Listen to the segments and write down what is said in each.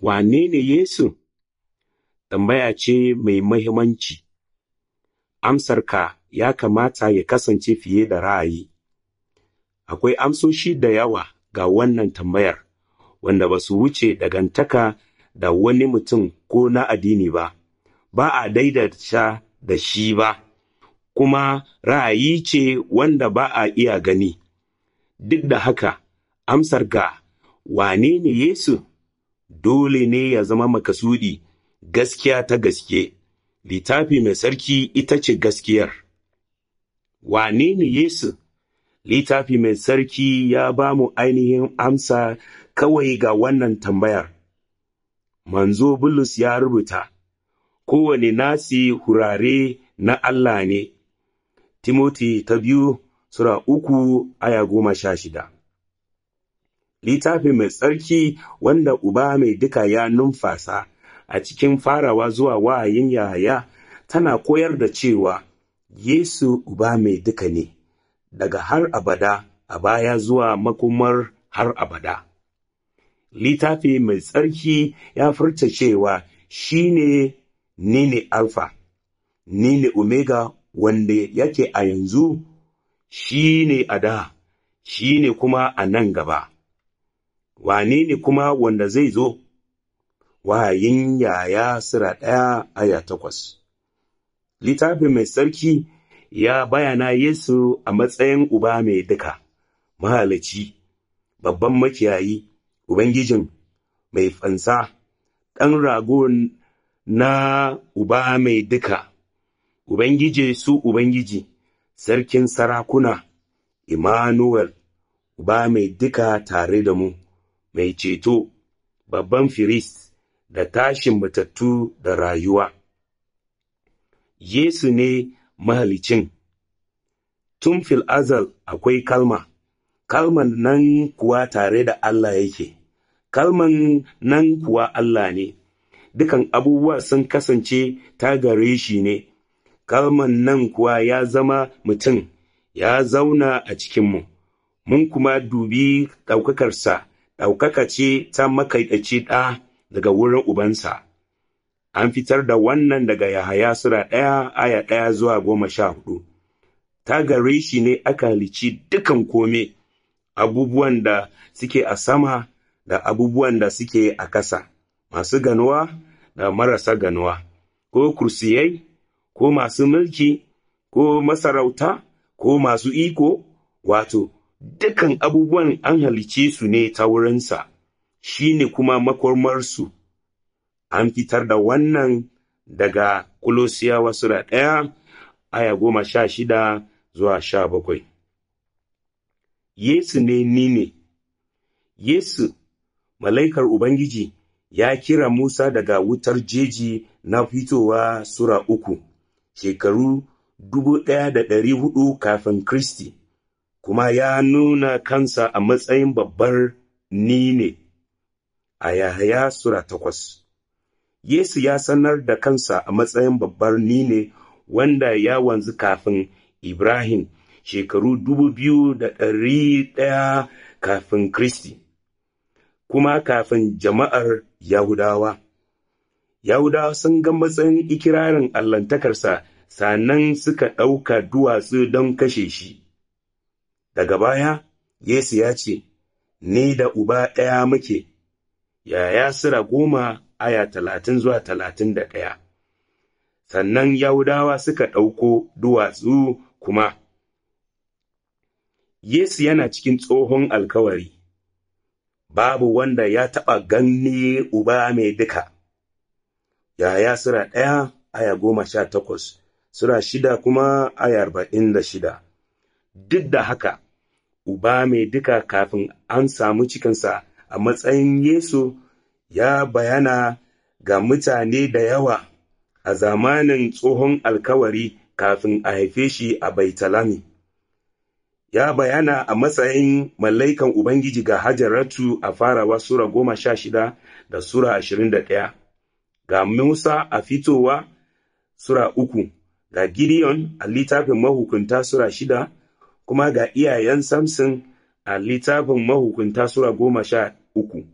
Wane ne Yesu? Tambaya ce mai mahimmanci. Amsarka ya kamata ya kasance fiye da ra'ayi. Akwai amsoshi da yawa ga wannan tambayar, wanda ba su wuce dagantaka da wani mutum ko na addini ba, ba a daidaita da shi ba, kuma ra'ayi ce wanda ba a iya gani. Duk da haka, amsar ga wane ne Yesu? dole ne ya zama makasudi gaskiya ta gaske, littafi mai sarki ita ce gaskiyar. Wane ne Yesu? Littafi mai sarki ya ba mu ainihin amsa kawai ga wannan tambayar. Manzo Bulus ya rubuta, Kowane nasi hurare na Allah ne, Timoti ta biyu, Sura uku aya goma sha shida. littafi mai tsarki wanda Uba mai duka ya numfasa a cikin farawa zuwa wayin Yahaya tana koyar da cewa Yesu Uba mai duka ne, daga har abada a baya zuwa makumar har abada. Littafi mai tsarki ya furta cewa shi ne ni Alfa, ni Omega wanda yake a yanzu, shi ne a da, shi ne kuma a nan gaba. wane ne kuma wanda zai zo wahayin yaya sura ɗaya aya takwas littafin mai sarki ya bayana yesu a matsayin uba mai duka mahalaci babban makiyayi ubangijin mai fansa ɗan rago na uba mai duka ubangije su ubangiji sarkin sarakuna Immanuel, uba mai duka tare da mu. mai ceto, babban firist da tashin matattu da rayuwa. Yesu ne mahalicin, tun fil azal akwai kalma, kalman nan kuwa tare da Allah yake, kalman nan kuwa Allah ne, dukan abubuwa sun kasance ta gare shi ne, kalman nan kuwa ya zama mutum, ya zauna a cikinmu, mun kuma dubi ɗaukakarsa. ɗaukaka ce ta makaiɗaci ɗa daga wurin ubansa. An fitar da wannan daga Yahaya Sura ɗaya aya ɗaya zuwa goma sha huɗu Ta gare shi ne aka halici dukan kome abubuwan da suke a sama da abubuwan da suke a ƙasa, masu ganuwa da marasa ganuwa, ko kursiyai, ko masu mulki, ko masarauta, ko masu iko, wato, dukan abubuwan an halice su ne ta wurinsa, shi ne kuma makwarmarsu, An fitar da wannan daga Kulosiyawa Sura ɗaya, aya goma sha shida zuwa sha bakwai. Yesu ne ni ne, Yesu, mala'ikar Ubangiji, ya kira Musa daga wutar jeji na fitowa Sura uku, shekaru dubu ɗaya da ɗari hudu kafin Kristi. kuma ya nuna kansa a matsayin babbar ni ne a Yahaya Sura takwas. Yesu ya sanar da kansa a matsayin babbar ni ne wanda ya wanzu kafin Ibrahim shekaru dubu biyu da ɗari ɗaya kafin Kristi, kuma kafin jama'ar Yahudawa. Yahudawa sun ga matsayin ikirarin allantakarsa sannan suka ɗauka duwatsu don kashe shi. Daga baya, Yesu ya ce, Ni da uba ɗaya muke, yaya sira goma aya talatin zuwa talatin da ɗaya. Sannan Yahudawa suka ɗauko duwatsu kuma. Yesu yana cikin tsohon alkawari, babu wanda ya taɓa ganni uba mai duka. Yaya Sura ɗaya aya goma sha takwas, Sura shida kuma aya arba'in da shida. Duk da haka, Uba mai duka kafin an samu cikinsa a matsayin Yesu ya bayana ga mutane da yawa a zamanin tsohon alkawari kafin a haife shi a Baitalami. Ya bayana a matsayin mallaikan Ubangiji ga Hajaratu a farawa Sura goma sha shida da Sura ashirin da ɗaya, ga Musa a fitowa Sura uku, ga Gideon a littafin mahukunta Sura shida kuma ga iyayen Samson a littafin mahukunta Sura goma sha uku.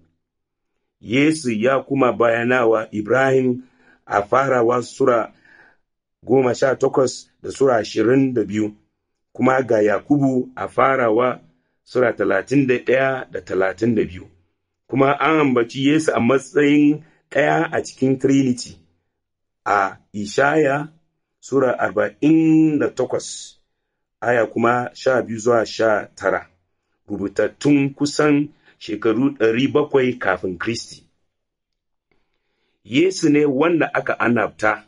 Yesu ya kuma bayanawa Ibrahim a farawa Sura goma sha takwas da Sura ashirin da biyu, kuma ga Yakubu a farawa Sura talatin da ɗaya da talatin da biyu, kuma an ambaci Yesu a matsayin ɗaya a cikin Trinity a Ishaya Sura arba'in da takwas. aya kuma sha biyu zuwa sha tara rubutattun kusan shekaru ɗari bakwai kafin Kristi. Yesu ne wanda aka anabta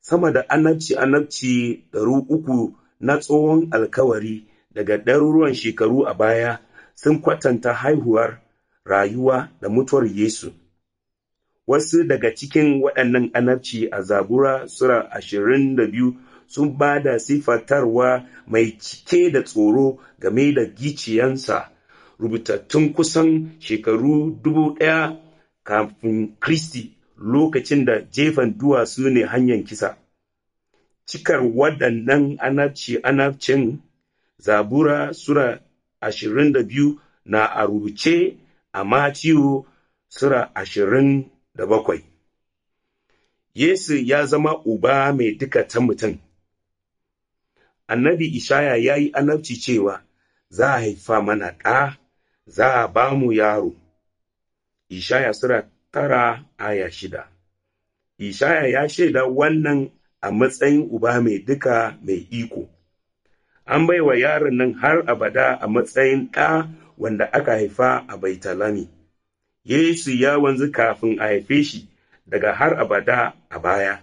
sama da anabci-anabci ɗari uku na tsohon alkawari daga ɗaruruwan shekaru a baya sun kwatanta haihuwar rayuwa da mutuwar Yesu. Wasu daga cikin waɗannan anabci a zabura Sura ashirin da biyu sun ba da sifatarwa mai cike da tsoro game da giciyansa rubutattun kusan shekaru dubu ɗaya kafin kristi lokacin da jefan duwatsu ne hanyar kisa cikar waɗannan anabci anabcin zabura sura ashirin da biyu na a rubuce a matiyu sura ashirin da bakwai yesu ya zama uba mai duka ta mutum annabi ishaya ya yi annabci cewa za a haifa mana ɗa za a ba mu yaro ishaya sura tara aya shida ishaya ya shaida wannan a matsayin uba mai duka mai iko an baiwa yaron nan har abada a matsayin ɗa wanda aka haifa a baitalami yesu ya wanzu kafin a haife shi daga har abada a baya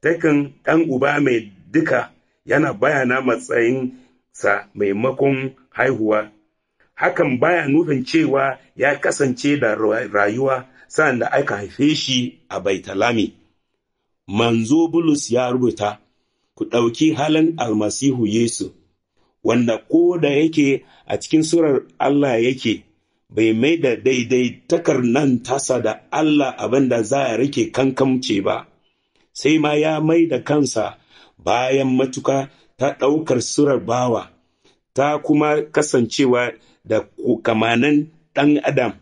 takan ɗan uba mai duka yana bayana matsayin sa maimakon haihuwa hakan baya nufin cewa ya kasance da rayuwa sa'an da aka haife shi a baitalami manzo bulus ya rubuta ku ɗauki halin almasihu yesu wanda ko da yake a cikin surar allah yake bai mai da daidai nan tasa da allah abinda za a rike kankamce ba sai ma ya mai da kansa bayan matuka ta ɗaukar surar bawa ta kuma kasancewa da kamanan ɗan adam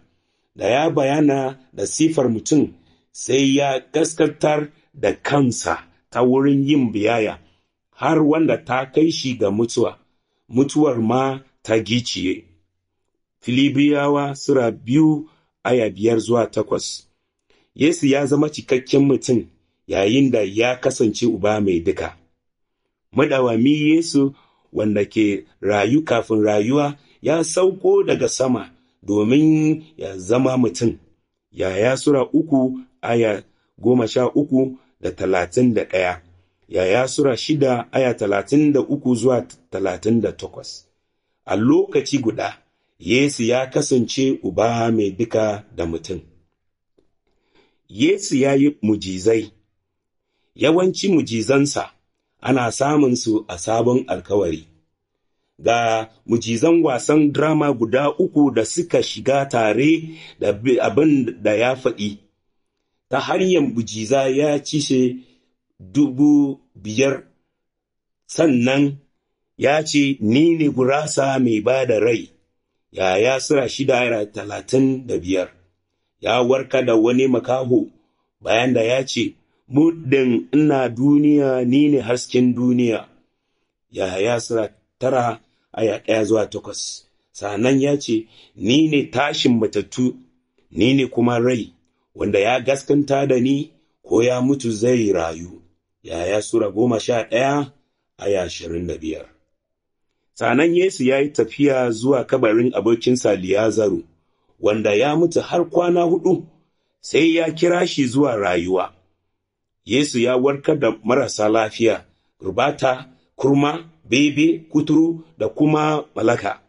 da ya bayana da sifar mutum sai ya gaskatar da kansa ta wurin yin biyaya har wanda ta kai shi ga mutuwa mutuwar ma ta giciye filibiyawa sura biyu aya biyar zuwa takwas yesu ya zama cikakken mutum yayin da ya kasance uba mai duka madawami Yesu wanda ke rayu kafin rayuwa ya sauko daga sama domin ya zama mutum. Yaya Sura uku aya goma sha uku da talatin da ɗaya, Yaya Sura shida aya talatin da uku zuwa talatin da takwas. A lokaci guda, Yesu ya kasance uba mai duka da mutum. Yesu ya yi mujizai, yawanci mujizansa ana samun su a sabon alkawari. Ga mujizan wasan drama guda uku da suka shiga tare da abin da ya faɗi, ta hanyar mujiza ya shi dubu biyar, sannan ya ce, Ni ne gurasa mai ba da rai, yaya sura shida talatin da biyar, ya warka da wani makaho bayan da ya ce, muddin ina duniya ni ne hasken duniya yahaya sura tara aya ɗaya zuwa takwas sanan ya ce ni ne tashin matattu ni ne kuma rai wanda ya gaskanta da ni ko ya mutu zai rayu yaya sura goma sha ɗaya aya ashirin da biyar sanan yesu ya yi tafiya zuwa kabarin abokinsa liyazaru wanda ya mutu har kwana hudu sai ya kira shi zuwa rayuwa Yesu ya warkar da marasa lafiya, rubata, kurma, bebe, kuturu da kuma malaka.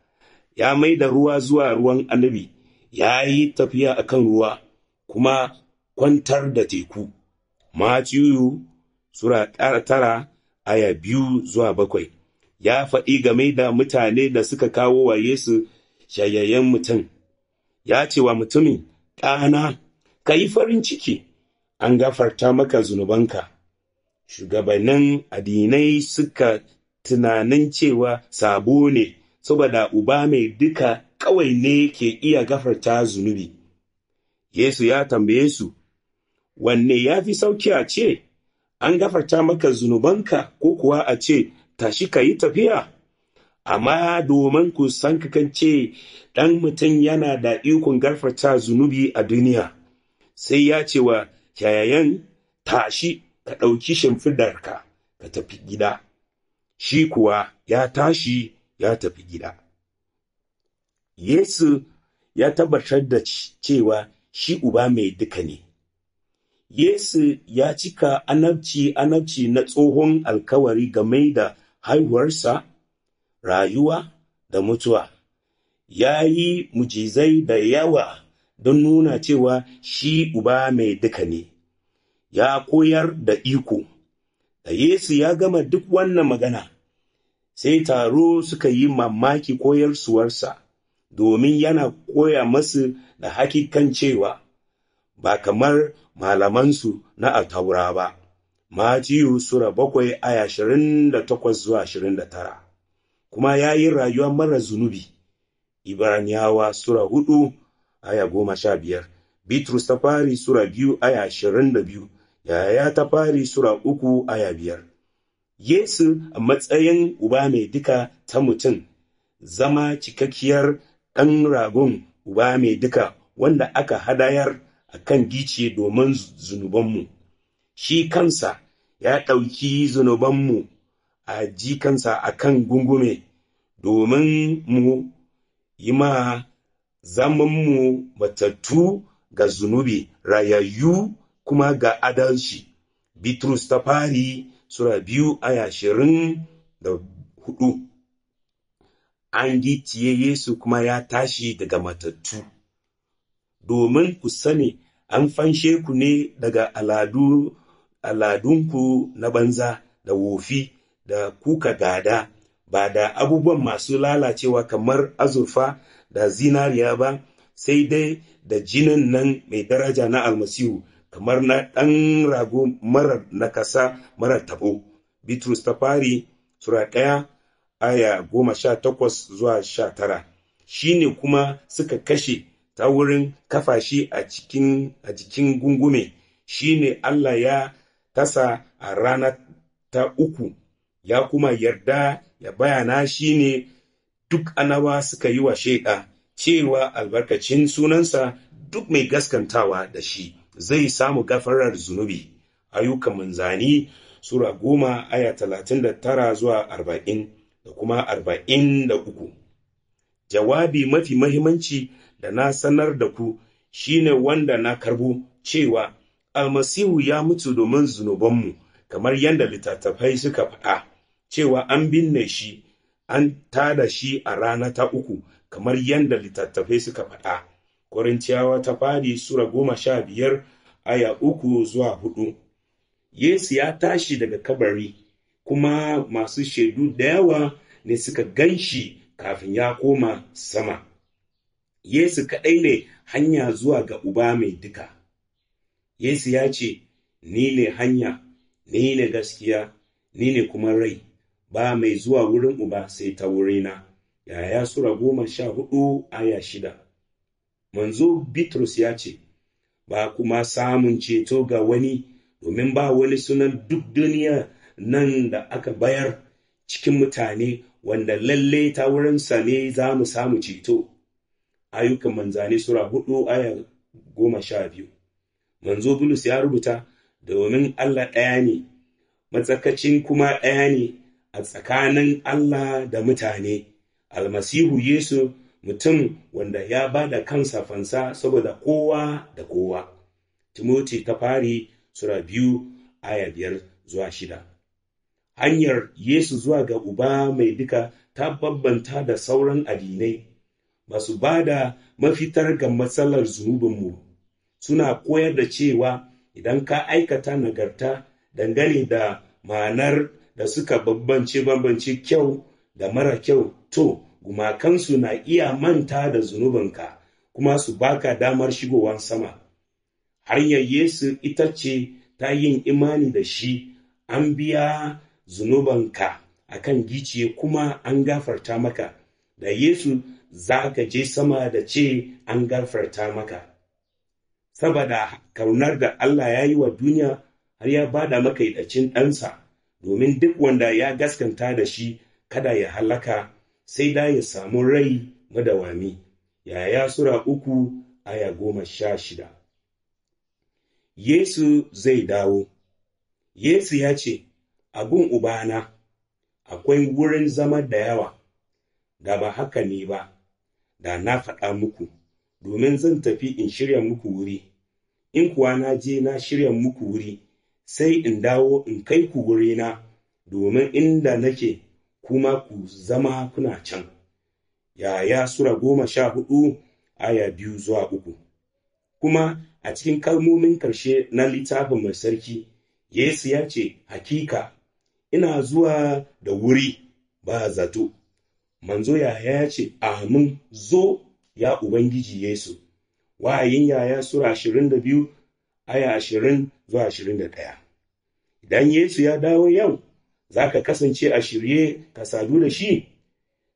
Ya mai da ruwa zuwa ruwan annabi, ya yi tafiya a kan ruwa, kuma kwantar da teku. Matiyu Sura tara aya biyu zuwa bakwai, ya faɗi game da mutane da suka kawo wa Yesu shayayyen mutum, ya ce wa mutumin, ɗana, ka yi farin ciki. an gafarta maka zunubanka. Shugabannin addinai suka tunanin cewa sabo ne, saboda uba mai duka kawai ne ke iya gafarta zunubi. Yesu ya tambaye su, wanne ya fi sauki a ce, an gafarta maka zunubanka ko kuwa a ce, tashi ka yi tafiya? Amma domin ku san kakance ɗan mutum yana da ikon gafarta zunubi a duniya, sai ya ce wa yayayen tashi ka ɗauki shimfidarka ka tafi gida, shi kuwa ya tashi ya tafi gida. Yesu ya tabbatar da cewa shi uba mai duka ne. Yesu ya cika anabci anabci na tsohon alkawari game da haihuwarsa, rayuwa da mutuwa, ya yi mujizai da yawa don nuna cewa shi uba mai duka ne, ya koyar da iko, da Yesu ya gama duk wannan magana, sai taro suka yi mamaki koyarsuwarsa, domin yana koya masu da hakikan cewa, ba kamar malamansu na ataura ba. Matiyu Sura bakwai aya ashirin da takwas zuwa ashirin da tara, kuma ya yi rayuwa mara zunubi, Ibraniyawa Sura hudu aya goma sha biyar bitrus ta fari sura biyu aya ashirin da biyu yaya ta fari sura uku aya biyar yesu a matsayin uba mai duka ta mutum zama cikakkiyar ɗan ragon uba mai duka wanda aka hadayar a kan gice domin zunubanmu shi kansa ya ɗauki zunubanmu a jikansa a kan gungume domin mu yi ma Zaman mu matattu ga zunubi rayayyu kuma ga adalci bitrus ta fari sura biyu aya ashirin da hudu an gicciye yesu kuma ya tashi daga matattu domin ku sani an fanshe ku ne daga aladu aladunku na banza da wofi da kuka gada ba da abubuwan masu lalacewa kamar azurfa da zinariya ba sai dai da jinin nan mai daraja na almasihu kamar na ɗan rago marar nakasa marar tabo bitrus ta fari sura ɗaya aya goma sha takwas zuwa sha tara shi ne kuma suka kashe ta wurin kafa shi a jikin gungume shi ne allah ya tasa a rana ta uku ya kuma yarda ya bayana shi ne duk anawa suka yi wa shaida cewa albarkacin sunansa duk mai gaskantawa da shi zai samu gafarar zunubi ayyukan manzani sura goma aya talatin da tara zuwa arba'in da kuma arba'in da uku jawabi mafi mahimmanci da na sanar da ku shine wanda na karbo cewa almasihu ya mutu domin zunubanmu kamar yadda littattafai suka faɗa cewa an binne shi an tada shi a rana ta uku kamar yadda littattafai suka faɗa Korintiyawa ta fari Sura goma sha biyar aya uku zuwa hudu Yesu ya tashi daga kabari kuma masu shaidu da yawa ne suka gan shi kafin ya koma sama. Yesu kaɗai ne hanya zuwa ga Uba mai duka. Yesu ya ce, Ni ne hanya, ni ne gaskiya, ni ne kuma rai. ba mai zuwa wurin uba sai ta wurina yaya sura goma sha hudu aya shida manzo bitrus ya ce ba kuma samun ceto ga wani domin ba wani sunan duk duniya nan da aka bayar cikin mutane wanda lalle ta wurinsa ne za mu samu ceto ayyukan manzane sura hudu aya goma sha biyu manzo bulus ya rubuta domin allah ɗaya ne matsakacin kuma ɗaya ne a tsakanin Allah da mutane almasihu Yesu mutum wanda ya ba da kansa fansa saboda kowa da kowa Timoti ta fari Sura biyu aya biyar zuwa shida. Hanyar Yesu zuwa ga Uba mai duka ta babbanta da sauran addinai, ba su ba da mafitar ga matsalar zunubinmu, suna koyar da cewa idan ka aikata nagarta dangane da ma'anar da suka bambance bambance kyau da mara kyau to gumakansu na iya manta da zunubanka kuma su baka damar shigowan sama hanyar yesu ita ce ta yin imani da shi an biya zunubanka a kan giciye kuma an gafarta maka da yesu za ka je sama da ce an gafarta maka saboda kaunar da allah ya yi wa duniya har ya bada maka idacin ɗansa domin duk wanda ya gaskanta da shi kada ya halaka sai da ya samu rai madawami yaya sura uku aya goma sha shida Yesu zai dawo Yesu ya ce a gun ubana akwai wurin zama da yawa da ba haka ne ba da na faɗa muku domin zan tafi in shirya muku wuri in kuwa na je na shirya muku wuri sai in dawo in kai ku wurina domin inda nake kuma ku zama kuna can. Yaya Sura goma sha hudu aya biyu zuwa uku. Kuma a cikin kalmomin ƙarshe na littafin mai sarki, Yesu ya ce, Hakika, ina zuwa da wuri ba zato. Manzo yaya ya ce, Amin zo ya Ubangiji Yesu. Wayin yaya Sura ashirin da biyu aya ashirin zuwa ashirin da ɗaya. Idan Yesu ya dawo yau, za ka kasance a shirye ka sadu da shi,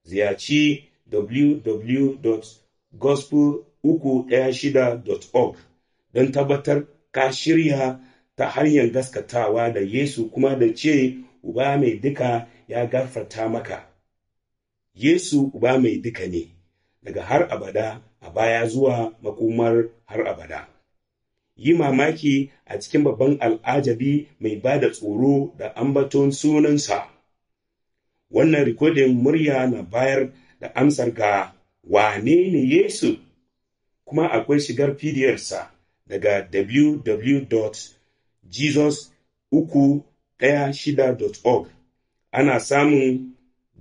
ziyarci www.gospel316.org don tabbatar ka shirya ta hanyar gaskatawa da Yesu kuma da ce Uba mai duka ya gafarta maka. Yesu Uba mai duka ne, daga har abada a baya zuwa makomar har abada. yi mamaki a cikin babban al'ajabi mai ba da tsoro da ambaton sunansa. Wannan rikodin murya na bayar da amsar ga wane ne Yesu, kuma akwai shigar fidiyarsa daga www.jesus316.org. Ana samun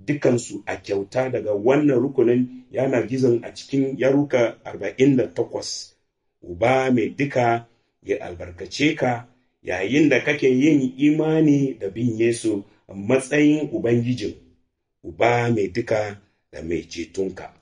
dukansu a kyauta daga wannan rukunin yanar gizon a cikin yaruka 48. uba mai duka ya albarkace ka yayin da kake yin imani da bin Yesu a matsayin Ubangijin, uba mai duka da mai cetonka.